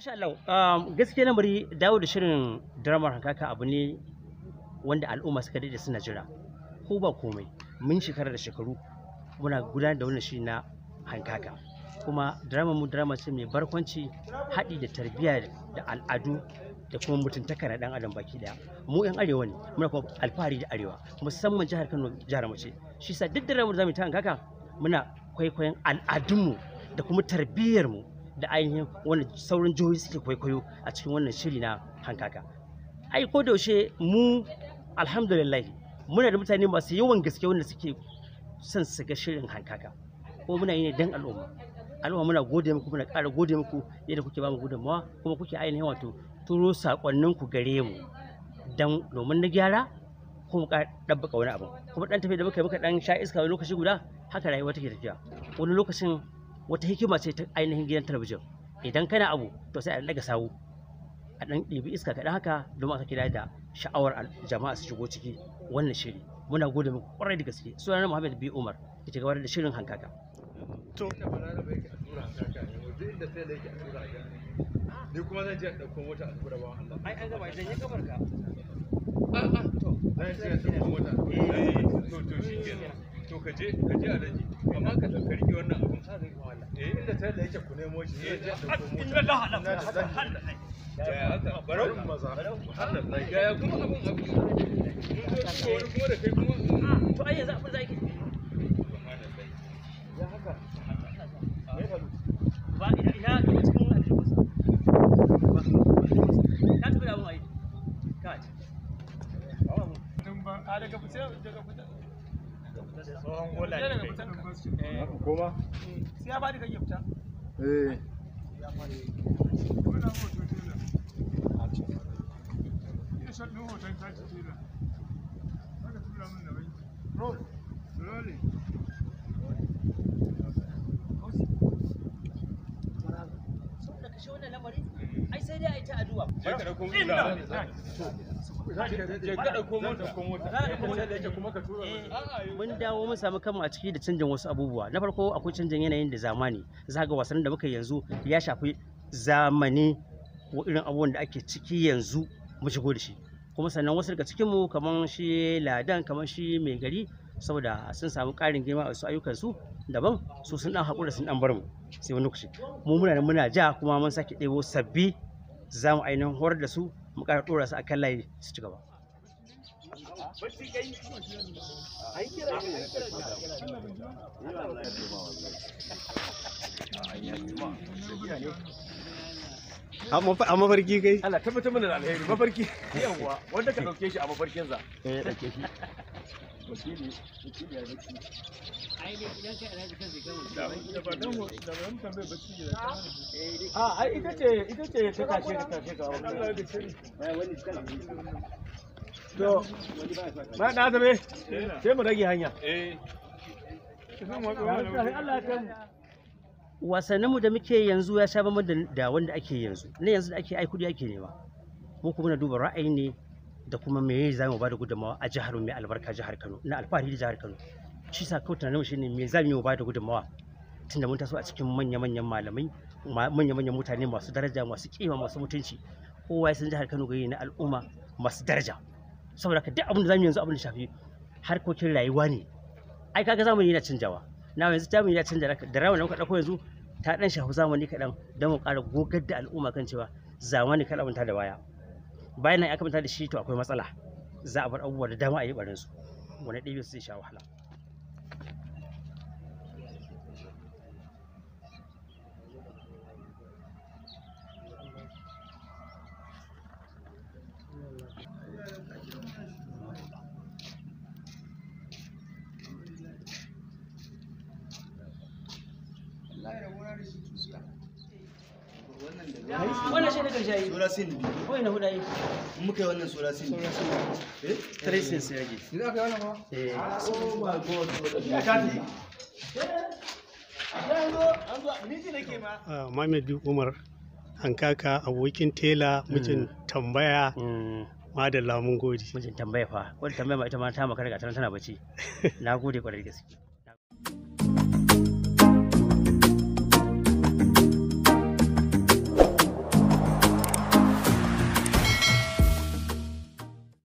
Masha Allah, um, gaskiya na muri dawo da shirin dramar hankaka abu ne wanda al'umma suka daɗe suna jira. Ko ba komai, mun shekara da shekaru muna gudanar da wannan shiri na hankaka. Kuma drama mu drama ce mai barkwanci haɗi da tarbiyya da al'adu da kuma mutuntaka na ɗan adam baki ɗaya. Mu 'yan arewa ne, muna kuma alfahari da arewa, musamman jihar Kano jihar mace. Shi sa duk dramar da zamu ta hankaka muna kwaikwayon al'adunmu da kuma tarbiyyarmu da ainihin wani saurin jihohi suke kwaikwayo a cikin wannan shiri na hankaka ai ko da yaushe mu alhamdulillah muna da mutane masu yawan gaske wanda suke son su ga shirin hankaka ko muna yi ne dan al'umma al'umma muna gode muku muna ƙara gode muku yadda kuke bamu gudunmawa kuma kuke ainihin wato turo sakonnin ku gare mu dan domin na gyara ko mu ƙara ɗabbaka wani abu kuma ɗan tafi da muka yi muka ɗan sha iska wani lokaci guda haka rayuwa take tafiya wani lokacin wata hikima ce ta ainihin gidan talabijin idan kana abu to sai a daga sawu a dan ɗibi iska kaɗan haka domin aka kira da sha'awar jama'a su shigo ciki wannan shiri muna gode muku kwarai da gaske sunana Muhammad B Umar ke cigaba da shirin hankaka a tura bawan to ka je ka je alaji amma ka ka rike wannan abin sa zai wala eh inda ta da yake ku nemo shi eh inna la hada hada hada ya barau hada ya ya kuma abin abin mun zo shi wani kuma ah, kuma to abin ya haka ba ina ina cikin ba ai daga daga tsohon gola ne kai eh. koma eh. sai ya bada kake fita eh dai a yi ta ka mun dawo mun samu kanmu a ciki da canjin wasu abubuwa na farko akwai canjin yanayin da zamani za ga wasannin da muka yanzu ya shafi zamani wa irin abubuwan da ake ciki yanzu mu shigo da shi kuma sannan wasu daga cikinmu kamar shi ladan kamar shi mai gari saboda sun samu ƙarin girma a su ayyukansu daban su sun dan haƙura sun dan bar mu sai wani lokaci mu muna muna ja kuma mun sake ɗebo sabbi za mu ainihin horar da su mu ƙara ɗora su a kan layi su ci gaba. a mafarki kai? Allah tabbatar mana da alheri mafarki yawa wanda ka ɗauke shi a mafarkinsa. Eh ɗauke shi. mu wasanninmu da muke yanzu ya sha bamban da wanda ake yanzu na yanzu da ake ai kudi ake nema mu kuma na duba ra'ayi ne da kuma me za mu bada gudunmawa a jihar mai albarka jihar Kano na alfahari da jihar Kano shi sa kawai tunanin shine me za mu bada gudunmawa tunda mun taso a cikin manya-manyan malamai manya-manyan mutane masu daraja masu kima masu mutunci kowa ya san jihar Kano gari na al'umma masu daraja saboda ka duk abin da zamu yanzu abin da shafi harkokin rayuwa ne ai kaga yi yana canjawa na yanzu yi yana canja da rawa na dauko yanzu ta dan shafi zamani kadan don mu ƙara gogar da al'umma kan cewa zamani kaɗan ta da waya bayan nan aka manta da shi to akwai matsala za a bar abubuwa da dama a yi barin su wani ɗibi su zai sha wahala wannan shi ne kan shayi sura sin wai na hudayi in muka yi wannan sura sin sura sin eh tare sin sai yake ni aka yi wannan ma eh oh my god ya kafi Mamadu Umar kaka abokin tela mijin mm. tambaya mm. ma da lamun gode. Mijin tambaya fa, wadda tambaya ma ita ma ta makar ga tana bace. Na gode kwarai gaske.